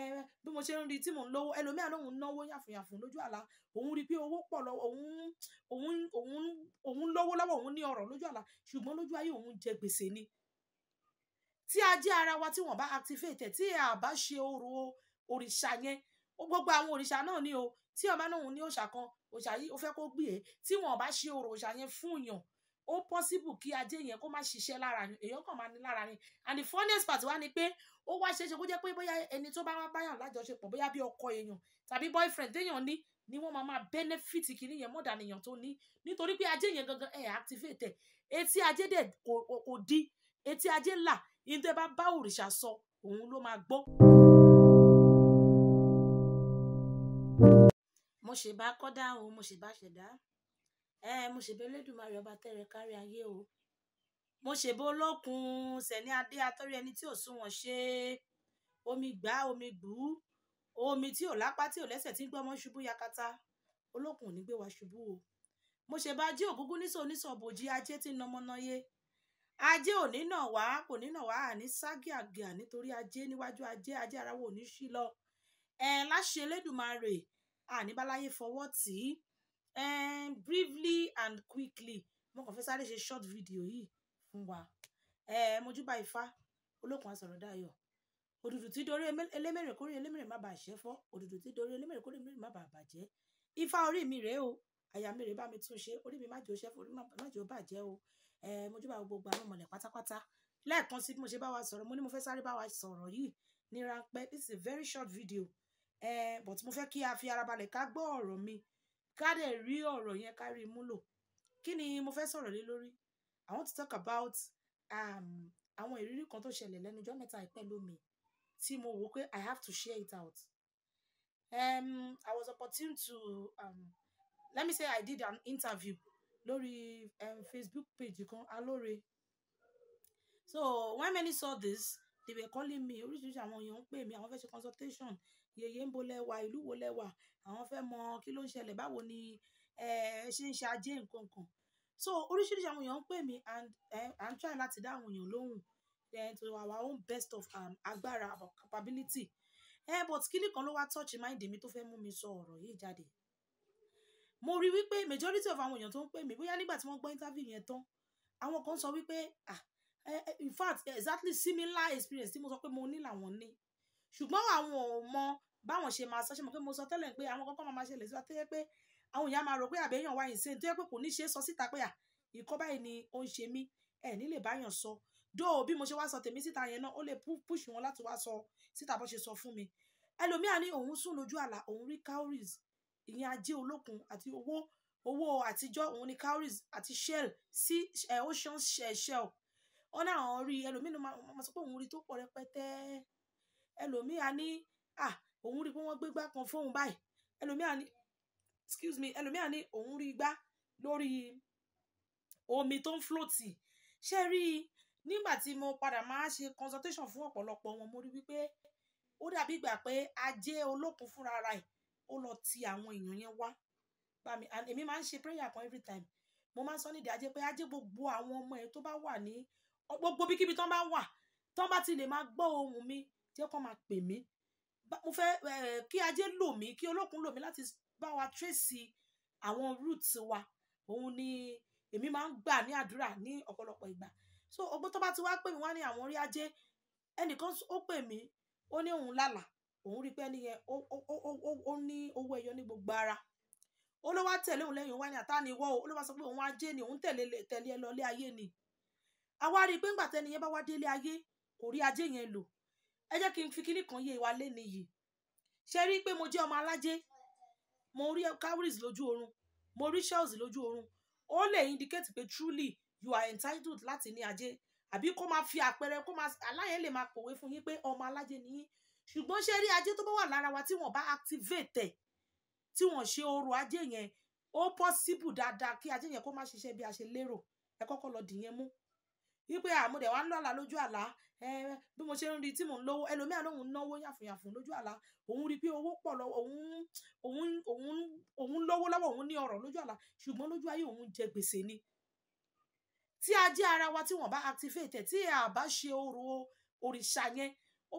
ẹ bí mo ṣe ń rí tí mò ń lówó ẹlòmíà lòun náwó yàfùyàfù lójú àlá òun rí pé owó pọ̀ lọ òun lówó lọ́wọ́ òun ní ọrọ̀ lójú àlá ṣùgbọ́n lójú ayé òun jẹ gbèsè ni tí ajé ara wa tí wọ́n bá activate tí a bá ṣe orò òrìṣà yẹn gbogbo àwọn òrìṣà náà ni o tí ọba náà òun ní òòṣà kan òòṣà yìí ó fẹ́ kó gbé e. tí wọ́n bá ṣe orò òòṣà yẹn fún yàn ó possible kí ajé yẹn kó má ṣiṣẹ́ lára ni èèyàn kàn máa ní lára ni and the funniest part wá ni pé ó wá ṣeéṣe kó jẹ́ pé bóyá ẹni tó bá wá báyàn lájọṣepọ̀ bóyá bí ọkọ èèyàn tàbí boyfriend téèyàn ní ni wọ́n máa máa benefit kìíní yẹn mọ́dà nìyàn tó ní nítorí pé ajé yẹn gangan ẹ̀ activate ẹ̀ etí ajé dẹ̀ kò di etí ajé là ìdẹ́ bá bá òrìṣà sọ òun ló máa gbọ́. mo ṣèbá kọ́dá o mo ṣèbá ṣẹ̀dá ẹ mo ṣèbẹ Elédùmarè ọba tẹrẹ kárí ayé o mo ṣèbẹ olókun sẹni adé atọrí ẹni tí ò súnwọ̀n ṣe omi gbá omi gbú omi tí ò lápá tí ò lẹ́sẹ̀ tí ń gbọmọ ṣubú yakata olókun ò ní gbé wa ṣubú o mo ṣèbẹ ajé ògúngún níṣọ oníṣọ bòjì ajé tí ń nọmọnọyé ajé ò ní nà wá kò ní nà wá àní ságíàgíà nítorí ajé níwájú ajé ajé ara wo ò ní ṣí lọ ẹ láṣẹ Elédùmarè àníbáláyé fọwọ́ tì í ẹ and quickly mo kàn fẹ́ sáré ṣe short video yìí fún wa ẹ mojúbà ifá olókun àsọ̀rọ̀ dayọ̀ òdùdù tí dorí elémèrè kórè elémèrè má bàa ṣẹ́ fọ́ òdùdù tí dorí elémèrè kórè elémèrè má bàa bàjẹ́ ifá orí mi rèé o àyà mi rèé bá mi tún ṣe orí mi má jò ṣẹ́ fọ́ orí má jò bàjẹ́ o ẹ mojúbà gbogbo àwọn mọ̀lẹ̀ pátápátá lẹ́ẹ̀kan sí mo ṣe bá wa sọ̀rọ̀ mo ní mo fẹ́ sáré bá wa sọ̀rọ̀ yìí ní ráńpẹ́ this is a very short video eh, but mo fẹ́ kí a fi ara balẹ̀ ká gbọ́ ọ̀rọ̀ mi ká dẹ̀ rí ọ̀rọ̀ yẹn ká rí i múlò kí ni mo fẹ́ sọ̀rọ̀ lé lórí I want to talk about um, àwọn ìrírí kan tó ṣẹlẹ̀ lẹ́nu ọjọ́ mẹ́ta pẹ̀lú mi tí mo wò pé I have to share it out um, I was opportune to um, let me say I did an interview lórí um, Facebook page kan alóore so when many saw this they were calling me oríṣiríṣi àwọn èèyàn ń pè mí àwọn fẹ́ ṣe consultation yèyé ń bo lẹ́wà ìlú wo lẹ́wà àwọn fẹ́ mọ kí ló ń ṣẹlẹ̀ báwo ni ẹ ṣe ń ṣe ajé nǹkan kan so oríṣiríṣi àwọn èèyàn ń pè mí and i'm trying láti dá àwọn èèyàn lóhùn then to our own best of um, agbára our capability ẹ eh, but kíní kan ló wá touch mind mi tó fẹ́ mú mi sọ ọ̀rọ̀ yìí jáde mo rí wípé majority of àwọn èèyàn tó ń pè mí bóyá nígbà tí wọ́n gbọ́ interview yẹn tán àwọn kan sọ wípé ah Eh, eh, in fact exactly similar experience tí mo sọ pé mo ní làwọn ní ṣùgbọ́n àwọn ò mọ báwọn ṣe máa sọ ṣe mọ̀ pé mo sọ tẹ́lẹ̀ pé àwọn kọ́kọ́ máa ṣẹlẹ̀ sí wa tó yẹ pé àwọn èèyàn máa rò pé àbẹ̀yàn wáyé sí tó yẹ pé kò ní ṣe é sọ síta pé à ìkọ́ báyìí ni ó ń ṣe mí ẹ̀ nílè báyàn sọ dó bí mo ṣe wá sọ tèmi síta yẹn náà ó lè push wọn láti wá sọ síta bó ṣe sọ fún mi ẹlòmíà ní òun sùn lójú àlá òun rí cowries ìyẹn ajé olókun àti owó owó àtijọ́ òun ni cowries àti shell sí eh, ocean shell wọn náà àwọn rí ẹlòmíín máa sọ pé òun rí tó pọ̀ rẹpẹtẹ ẹlòmíín á ní à òun rí pé wọ́n gbé gbá kan fóun báyìí ẹlòmíín á ní excuse me ẹlòmíín á ní òun rí gbá lórí omi tó ń flóòtì ṣé rí i nígbà tí mo padà máa ṣe consultation fún ọ̀pọ̀lọpọ̀ wọn mo rí wípé ó dàbí ìgbà pé ajé olókun fúnra ara ẹ̀ ó lọ ti àwọn èèyàn yẹn wá bá mi èmi máa ń ṣe prayer kan every time mo máa ń sọ nídìí ajé pé ajé gbogbo àwọn ọmọ ẹ tó bá wà ní gbogbo bí kíbi tán bá wà tán bá ti lè máa gbọ́ ohùn mi jẹ́ kó máa pè mí mo fẹ́ kí ajé lò mí kí olókun lò mí láti bá wa tracy àwọn roots wa òun ni èmi máa ń gbà ní àdúrà ní ọ̀pọ̀lọpọ̀ ìgbà so ọgbọ́n tó bá ti wá pè mí wá ní àwọn orí ajé ẹnìkan ó pè mí ó ní òun lálàá òun rí pé nìyẹn ó ní owó ẹyọ ní gbogbo ara ó ló wá tẹ̀lé òun lẹ́yìn wá ní àtàníwọ́ ó ló wá sọ pé òun ajé ni òun tẹ̀lé ẹ lọ lé ayé ni àwa rí i pé ńgbà tẹ́ni yẹn bá wá délé ayé kò rí ajé yẹn lò ẹ jẹ́ kí n fi kíní kan yé wa léni yìí ṣe rí pé mo jẹ́ ọmọ alájẹ́ mo rí cowries lójú oorun mo rí shells lójú oorun ó lè indicate pé truly you are entitled láti ní ajé àbí kó máa fi àpẹẹrẹ kó máa aláyẹn lè máa pòwe fún yín pé ọmọ alájẹ́ ni yín ṣùgbọ́n ṣe rí ajé tó bá wà lára wa tí wọ́n bá activate ẹ̀ tí wọ́n ṣe ọrọ̀ ajé yẹn ó possible dáadáa kí ajé yẹn kó má ṣiṣẹ́ bí a ṣe lérò ẹ kọ́kọ́ lọ dìyẹn mú wípé àmúdẹ̀ wa ń lọ́la lójú àlá bí mo ṣe ń rí tí mò ń lówó ẹlòmíà náà òun náwó yàfùnyàfùn lójú àlá òun rí pé owó pọ̀ lọ òun òun òun òun lówó lọ́wọ́ òun ní ọrọ̀ lójú àlá ṣùgbọ́n lójú ayé òun jẹ gbèsè ni tí ajé ara wa tí wọ́n bá activate tí a bá ṣe orò òrìṣà yẹn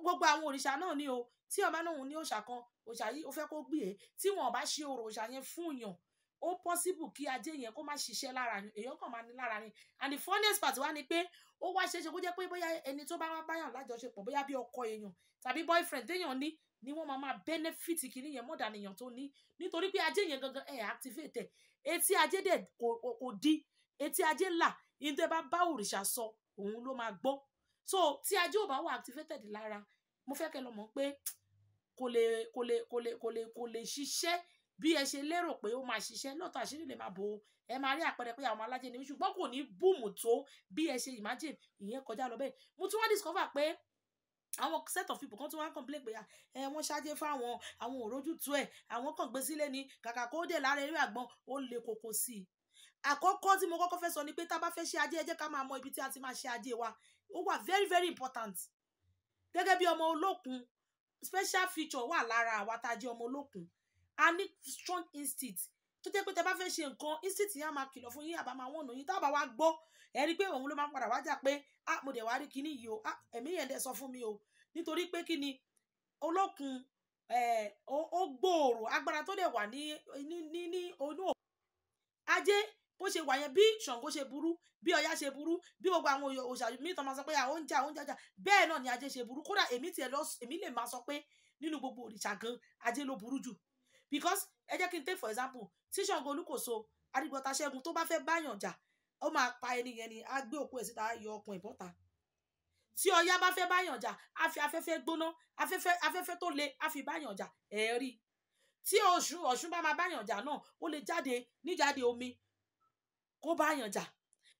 gbogbo àwọn òrìṣà náà ni o tí ọba náà òun ní òòṣà kan òòṣà yìí ó fẹ́ kó gbìyẹ e. tí wọ́n bá ṣe orò òòṣà yẹn fún yàn ó possible kí ajé yẹn kó má ṣiṣẹ́ lára yín èèyàn kàn máa ní lára yín and the funniest part wá ni pé ó wá ṣeéṣe kó jẹ́ pé bóyá ẹni tó bá wá báyàn lájọṣepọ̀ bóyá bí ọkọ èèyàn tàbí boyfriend téèyàn ní ni wọ́n máa máa benefit kìíní yẹn mọ́dà nìyàn tó ní nítorí pé ajé yẹn gangan ẹ̀ activate ẹ̀ etí ajé dẹ̀ kò di etí ajé là ìdẹ́ bá bá òrìṣà sọ òun ló máa gbọ́ so tí ajé ò bá wà activated lára mo fẹ́ kẹ́ lọ mọ̀ pé kò lè kò lè kò lè kò lè kò lè ṣiṣẹ́ bí ẹ ṣe lérò pé ó máa ṣiṣẹ́ lọ́tọ̀ àṣírí lè máa bò ó ẹ máa rí àpẹẹrẹ pé àwọn alájẹ ni ṣùgbọ́n kò ní búùmù tó bí ẹ ṣe imagine ìyẹn kọjá lọ bẹ́ẹ̀ mo tún wá discover pé àwọn set of people kan tún wá ń complain pé ah, ẹ wọ́n ṣáájé fáwọn àwọn òrojú tu ẹ̀ àwọn kan gbé sílẹ̀ ní kàkà kó dé lára eré àgbọn ó le koko sí i àkọ́kọ́ tí mo kọ́kọ́ fẹ́ sọ ni pé tá a bá fẹ́ ṣe ajé ẹ jẹ́ ká máa mọ ibi tí a ti máa ṣe ajé wa ó wà very very important gẹ́gẹ́ bí ọmọ olókun special feature wà lára àwa tá a jẹ́ ọmọ olókun a ní strong instinct tó jẹ́ pé tẹ bá fẹ́ ṣe nǹkan instinct yẹn á máa kìlọ̀ fún yín àbá máa wọ̀nà yín tábà wá gbọ́ ẹ rí pé òun ló máa padà wájà pé ah mo dẹ̀ wá rí kinní yìí o ah ẹ̀mí yẹn dẹ̀ sọ fún mi o nítorí pé kí ni olókun ó gbòòrò agbára tó dẹ̀ wà ní ní ní onú ajé bó ṣe wà yẹn bí Ṣàngó ṣe burú bí Ọya ṣe burú bí gbogbo àwọn òòṣà mi tán máa sọ pé àwọn oúnjẹ àwọn bẹ́ẹ̀ náà ni ajé ṣe burú kódà èmi tiẹ̀ lọ èmi lè máa sọ pé nínú gbogbo òrìṣà gan ajé ló burú jù because ẹ jẹ́ kí n take for example tí Ṣàngó Olúkòso Arígbọ́tà Ṣẹ́gun tó bá fẹ́ báyàn jà ó máa pa ẹni yẹn ni á gbé òkú ẹ̀ síta á yọ ọkùn ìbọ́ta tí Ọya bá fẹ́ báyàn jà á fi afẹ́fẹ́ gbóná afẹ́fẹ́ afẹ́fẹ́ tó le á fi báyàn jà ẹ̀ rí tí Ọ̀ṣun Ọ̀ṣun bá máa báyàn jà náà ó lè jáde níjáde omi kó báyàn jà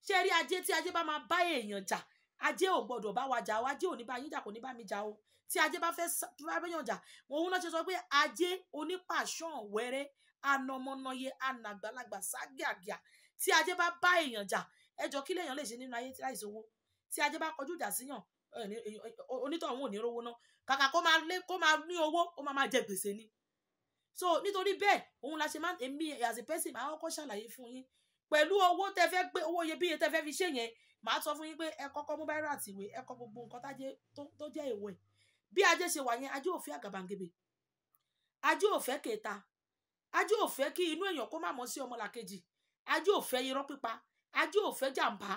ṣé rí ajé tí ajé bá máa bá èèyàn jà ajé ò gbọdọ̀ bá wa jà o ajé ò ní bá yín jà kò ní bá mi jà o tí ajé bá fẹ́ báyàn jà òun náà ṣe sọ pé ajé onípàṣán wẹ́rẹ́ anamọ́nàyé anàgbàlagbà ságàgà tí ajé bá bá èèyàn jà ẹjọ́ kí lèèyàn lè ṣe nínú ayé láì sówó tí ajé bá kọjú ìjà síyàn onítọ̀hún ò ní rówó náà kàkà kó máa lé kó máa ní owó ó máa máa jẹ gbèsè ni so nítorí bẹ́ẹ̀ òun la ṣe máa èmi as a person máa kọ́kọ́ ṣàlàyé fún yín pẹ̀lú owó tẹ fẹ́ gbé owó iyebíye tẹ fẹ́ fi ṣe màá sọ fún yín pé ẹ kọ́kọ́ mú báírà àti ìwé ẹ kọ gbogbo nǹkan tó jẹ́ èèwọ̀ ẹ̀ bí ajé ṣe wà yẹn ajé ò fẹ́ àgàbàǹgebè ajé ò fẹ́ kẹta ajé ò fẹ́ kí inú èèyàn kó má mọ́ sí ọmọlàkejì ajé ò fẹ́ irọ́ pípa ajé ò fẹ́ jàǹbá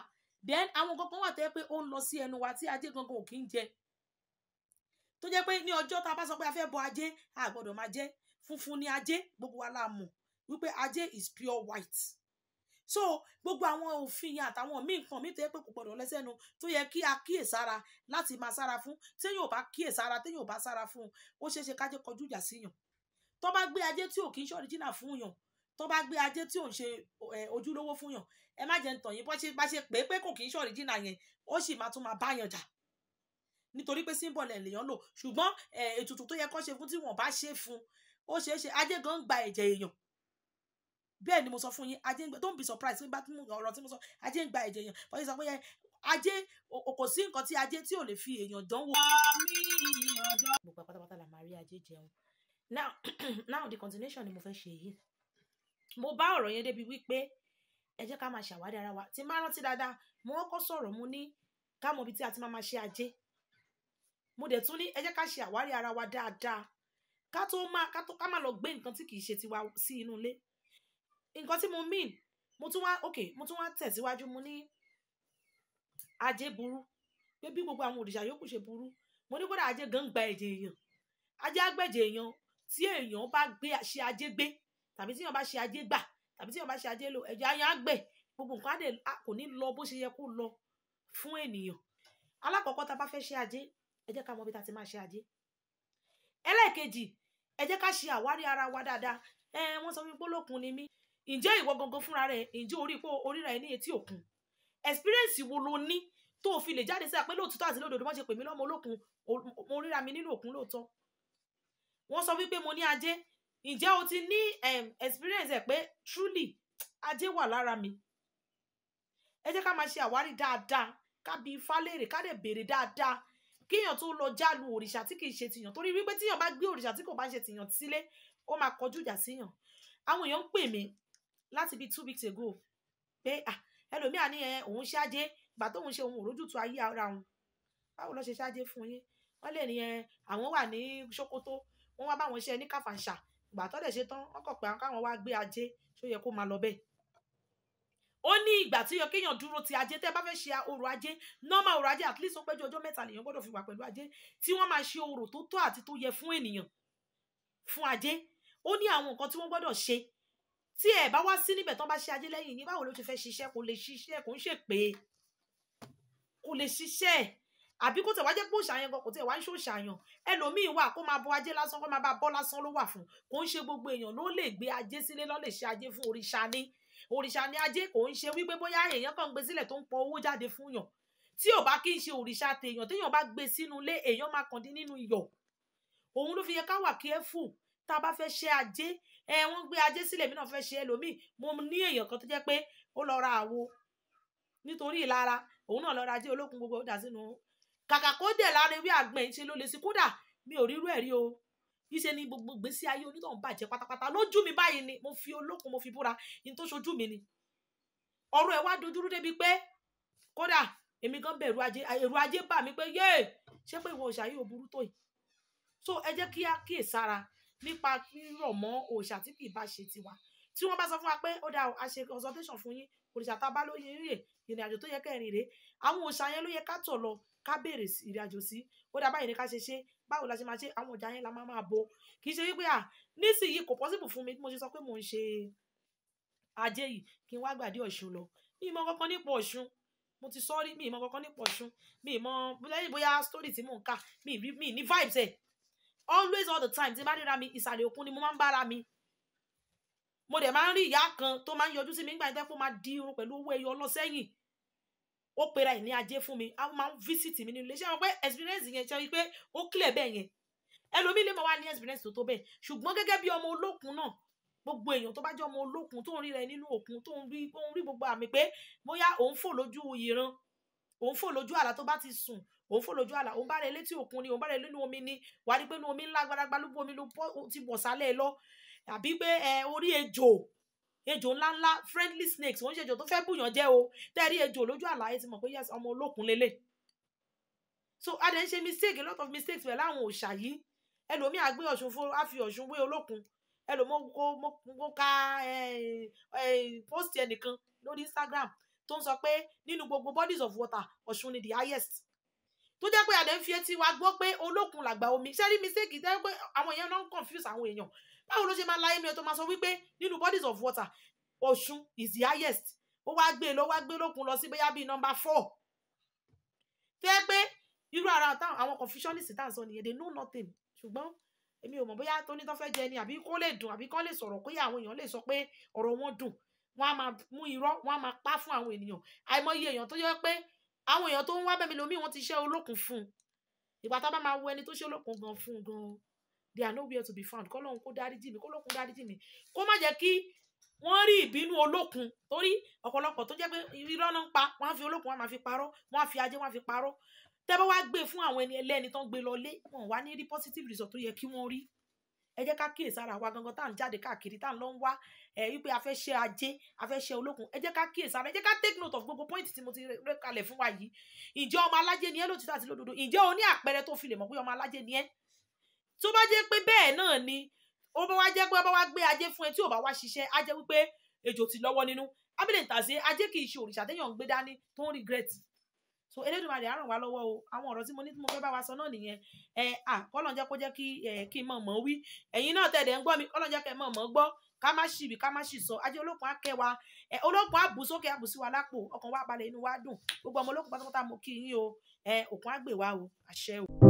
then àwọn kankan wà tẹ́ pé ó ń lọ sí ẹnu wa tí ajé gangan ò kí ń jẹ tó jẹ́ pé ní ọjọ́ tá a bá sọ pé a fẹ́ bọ ajé a gbọ́dọ̀ máa jẹ funfun ni ajé gbogbo wa la mọ̀ wípé ajé is pure white so gbogbo àwọn òfin yẹn àtàwọn míì nǹkan míì tó yẹ pé kò gbọdọ̀ lẹ́sẹ̀nu tó yẹ kí a kíyèsára láti máa sára fún téèyàn ò bá kíyèsára téèyàn ò bá sára fún ó ṣeé ṣe kájẹ́ kọjú ìjà síyàn tó bá gbé ajé tí ò kì í ṣọ́ríjìnà fún yàn tó bá gbé ajé tí ò ń ṣe ojúlówó fún yàn ẹ má jẹ́ ń tàn yín bá ṣe pé pé kò kì í ṣọ́ríjìnà yẹn ó sì máa tún máa báyàn jà nítorí pé símbọ̀lù ẹ̀ lèèyàn lò ṣùgbọ́n ètùtù tó yẹ kó ṣe fún tí wọ́n bá ṣe fún ó ṣeé ajé gan gba ẹ̀jẹ̀ èèyàn bẹ́ẹ̀ ni mo sọ fún yín ajé ń gba don't be surprised pé bá tún ọ̀rọ̀ tí mo sọ ajé ń gba ẹ̀jẹ̀ yẹn fọyín sọ pé ajé kò sí nǹkan tí ajé tí ò lè fi èèyàn dánwò. gbogbo pátápátá la máa rí ajé jẹun now now the continuation ni mo fẹ́ ṣe yìí mo bá ọ̀rọ̀ yẹn débi wípé ẹ jẹ́ ká máa ṣàwádìí ara wa tí máa rántí dáadáa mo kọ́kọ́ sọ̀rọ̀ mo ní ká mọ ibi tí a ti máa máa ṣe ajé mo dẹ̀ tún ní ẹ jẹ́ ká ṣe àwárí ara wa dáadáa ká tó máa ká tó ká máa lọ gbé nǹkan tí kì í ṣe tiwa sí inú ilé nǹkan tí mo mean mo tún wá ok mo tún wá tẹ̀síwájú mo ní ajé burú pé bí gbogbo àwọn òrìṣà yòókù ṣe burú mo ní kódà ajé gan gba ẹ̀jẹ̀ èèyàn ajé agbẹ̀jẹ̀ èèyàn tí èèyàn bá gbé ṣe ajé gbé tàbí tí èèyàn bá ṣe ajé gbà tàbí tí èèyàn bá ṣe ajé lò ẹ̀jẹ̀ ayọ̀ àgbẹ̀ gbogbo nǹkan àdè kò ní lọ bó ṣe yẹ kó lọ fún ènìyàn alákọ̀ọ́kọ́ tá a bá fẹ́ ṣe ajé ẹ jẹ́ ká mọ bí ta ti máa ṣe ajé ẹlẹ́ẹ̀kejì ẹ jẹ́ ká ṣe àwárí ara wa dáadáa ẹ wọ́n sọ wípé olókun ni mí ǹjẹ́ ìwọ gangan fúnra rẹ ǹjẹ́ orí ipò oríra ẹ etí òkun experience wo lo ní tó o fi lè jáde sí àpélé òtítọ́ àti lódodo wọ́n ṣe pè mí lọ́mọ olókun mo ríra mi nínú òkun lóòótọ́ wọ́n sọ wípé mo ní ajé ǹjẹ́ o ti ní experience ẹ̀ pé truly ajé wà lára mi ẹ jẹ́ ká máa ṣe àwárí dáadáa ká bi ifá léèrè ká dẹ̀ béèrè dáadáa kéèyàn tó lọ jálu òrìṣà tí kì í ṣe tìyàn torí wípé tíyàn bá gbé òrìṣà tí kò bá ṣe tìyàn sílé ó máa kọjú ìjà síyàn àwọn èèyàn ń pè mí láti bíi two weeks ago pé ẹlòmíà ní ẹ òun ṣáájé ìgbà tóun ṣe òun òrójútu ayé ara òun báwo ló ṣe ṣáájé fún yín wọ́n lè ní ẹ àwọn wà ní Sokoto wọ́n wá báwọn ṣe ní Kàfàǹṣà ìgbà tó dẹ̀ ṣe tán wọ́n kọ̀ pé káwọn wá gbé ajé ṣó yẹ kó máa lọ bẹ́ẹ̀ ó ní ìgbà tí yọ kéèyàn dúró ti ajé tẹ́ bá fẹ́ ṣe orò ajé normal orò ajé at least ó pẹ́ ju ọjọ́ lèèyàn gbọ́dọ̀ fi wà pẹ̀lú ajé tí wọ́n máa ṣe orò tó tọ́ àti tó yẹ fún ènìyàn fún ajé ó ní àwọn nǹkan tí wọ́n gbọ́dọ̀ ṣe tí ẹ bá wá sí níbẹ̀ tán bá ṣe ajé lẹ́yìn yín báwo ló ti fẹ́ ṣiṣẹ́ kò lè ṣiṣẹ́ kò ń ṣe kò lè ṣiṣẹ́ àbí kò tẹ̀ wá pé òṣàyàn kò tẹ̀ wá ń ẹlòmíín wà kó máa bọ ajé lásán kó máa bá bọ́ lásán ló wà fún kò ń ṣe gbogbo èèyàn ló lè gbé ajé sílé ló lè ṣe ajé fún òrìṣà ni òrìṣà ni ajé kò ń ṣe wípé bóyá èèyàn kan gbé sílẹ̀ tó ń pọ owó jáde fún yàn tí ò bá kí ń ṣe òrìṣà tèèyàn téèyàn bá gbé sínú ilé èèyàn máa kàn dín nínú iyọ̀ òun ló fi yẹ ká wà careful tá a bá fẹ́ ṣe ajé ẹ wọ́n gbé ajé sílẹ̀ mi náà fẹ́ ṣe ẹlòmíì mo ní èèyàn kan tó jẹ́ pé ó lọ ra àwo nítorí ìlara òun náà lọ ra ajé olókun gbogbo ó dà sínú kàkà kó dẹ̀ lára ewé àgbẹ̀ ṣe ló lè sí kódà mi ò rírú ẹ̀ rí o níṣe ni gbogbo gbèsè ayé onítọ̀hún bàjẹ́ pátápátá lójú mi báyìí ni mo fi olókun mo fi búra ní tó ṣojú mi ni ọ̀rọ̀ ẹ̀ wá dojúrú débi pé kódà èmi gan bẹ̀rù ajé èrò ajé bà mí pé yéè ṣé pé ìwọ òṣà yìí ò burú tó yìí so ẹ jẹ́ kí á kíyè sára nípa rírọ̀ mọ́ òòṣà tí kì í bá ṣe tiwa tí wọ́n bá sọ fún wa pé ó dáa a consultation fún yín òrìṣà tá a bá lóye rè ìrìn àjò tó yẹ kẹrin rè àwọn òòṣà yẹn ló yẹ ká tọ̀ lọ ká béèrè ìrìn àjò sí ó dáa báyìí ni ká ṣe ṣe báwo la ṣe máa ṣe àwọn ọjà yẹn la máa máa bo kì í ṣe wípé à nísìnyí kò possible fún mi mo ṣe sọ pé mò ń ṣe ajé yìí kí n wá gbàdé ọ̀ṣun lọ mi ìmọ̀ kankan nípa ọ̀ṣun mo ti sọ́ọ́rí mi ìmọ̀ kankan nípa ọ̀ṣun mi ìmọ̀ bóyá story tí mò ń kà mi ní vibes ẹ̀ always all the time tí n bá ríra mi ìsàlẹ̀ òkun ni mo máa ń bára mi mo dẹ̀ máa ń rí ìyá kan tó máa ń yọjú sí mi nígbà yẹn fún máa di irun pẹ̀lú owó ẹyọ ọlọ́sẹ́yìn ó pera ẹ̀ ní ajé fún mi àwọn máa ń visit mi nínú ilé wọn pé experience yẹn ṣe pé ó clear bẹ́ẹ̀ yẹn ẹlòmíì lè máa wá ní experience tó tó bẹ́ẹ̀ ṣùgbọ́n gẹ́gẹ́ bí ọmọ olókun náà gbogbo èèyàn tó bá jẹ́ ọmọ olókun tó ń rí rẹ nínú òkun tó ń rí tó ń rí gbogbo àmì pé bóyá òun fò lójú ìran òun fò lójú àlá tó bá ti sùn òun fò lójú àlà òun bá rẹ létí òkun ni òun bá rẹ nínú omi ni wàá rí pé inú omi ńlá gbaragba ló bu omi ló ti bọ̀ sálẹ̀ lọ àbí pé ẹ orí ejò ejò ńláńlá friendly snakes wọ́n ń ṣèjò tó fẹ́ bùyàn jẹ́ o tẹ́rí ejò lójú àlà ẹ ti mọ̀ pé yes ọmọ olókun lélẹ̀ so a dẹ̀ ń ṣe mistake a lot of mistakes pẹ̀lú àwọn òòṣà yìí ẹlòmíì àgbé ọ̀ṣun fún á fi ọ̀ṣun wé olókun ẹlòmíì kó ka post ẹnìkan lórí Instagram tó ń sọ pé nínú gbogbo bodies of water ọ̀ṣun ni the highest tó jẹ́ pé àdé ń fi etí wa gbọ́ pé olókun làgbà omi ṣé rí mistake jẹ́ pé àwọn èèyàn náà ń confuse àwọn èèyàn báwo ló ṣe máa láyé mi ẹ tó máa sọ wípé nínú bodies of water Ọ̀ṣun is the highest ó wá gbé e ló wá gbé e lókun lọ sí bóyá bíi number four tó yẹ pé irú ara àwọn confucianist tá à ń sọ nìyẹn they know nothing ṣùgbọ́n èmi ò mọ̀ bóyá tó ní tó fẹ́ jẹ ni àbí kó lè dùn àbí kó lè sọ̀rọ̀ pé àwọn èèyàn lè sọ pé ọ̀rọ̀ wọn dùn wọn á máa mú irọ́ wọn á máa pa fún àwọn ènìyàn àìmọye èèyàn tó yẹ pé àwọn èèyàn tó ń wá bẹ́ẹ̀ mi lómi wọ́n ti ṣẹ́ olókun fún un ìgbà tá a bá máa wo ẹni tó ṣe olókun gan fún un gan they are nowhere to be found kọ́lọ́hún kó dáríjì mi kọ́lọ́kun dáríjì mi kó má jẹ́ kí wọ́n rí ìbínú olókun torí ọ̀pọ̀lọpọ̀ tó jẹ́ pé irọ́ náà ń pa wọ́n á fi olókun wọ́n á fi parọ́ wọ́n á fi ajé wọ́n á fi parọ́ tẹ́ bá wá gbé e fún àwọn ẹni ẹlẹ́ni tó ń gbé lọ lé wọn wá ní rí positive result tó yẹ kí wọ́n rí ẹ jẹ́ ká kíyèsí ara wa gangan tá à ń jáde káàkiri tá à ń lọ ń wá ẹ wípé a fẹ́ ṣe ajé a fẹ́ ṣe olókun ẹ jẹ́ ká kíyèsí ara ẹ jẹ́ ká take note of gbogbo point tí mo ti rẹ kalẹ̀ fún wa yìí ǹjẹ́ ọmọ alájẹ ni ẹ lòtítọ́ àti lódodo ǹjẹ́ o ní àpẹẹrẹ tó fi lè mọ̀ pé ọmọ alájẹ ni ẹ tó bá jẹ́ pé bẹ́ẹ̀ náà ni ó bá wá jẹ́ pé ó bá wá gbé ajé fún ẹ tí ò bá wá ṣiṣẹ́ á jẹ́ wípé ejò ti lọ́wọ́ nínú abilẹ̀ ntàsí ajé kì í ṣe òrìṣà téèyàn ń gbé dání tó ń regret so elédùnmarè á ràn wá lọ́wọ́ o àwọn ọ̀rọ̀ tí mo ní tí mo fẹ́ bá wa sọ náà nìyẹn ẹ à kọ́lọ̀ jẹ́ kó jẹ́ kí ẹ kí n mọ̀ mọ́ wí ẹ̀yin náà tẹ̀lé ń gbọ́ mi kọ́lọ̀ jẹ́ kẹ́ mọ̀ mọ́ gbọ́ ká má ṣì bí ká má ṣì sọ ajé olókun á kẹ́ wa ẹ olókun á bù sókè á bù sí wa lápò ọkàn wa balẹ̀ inú wa dùn gbogbo ọmọ olókun pátápátá mo kí yín o ẹ òkun á gbè o àṣẹ o.